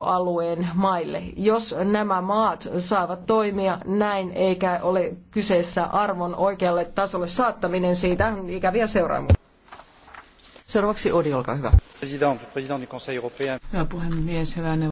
alueen maille. Jos nämä maat saavat toimia näin, eikä ole kyseessä arvon oikealle tasolle saattaminen, siitä on ikäviä seuraamuksia. Seuraavaksi Odi, olkaa hyvä. Hyvä puhemies, hyvä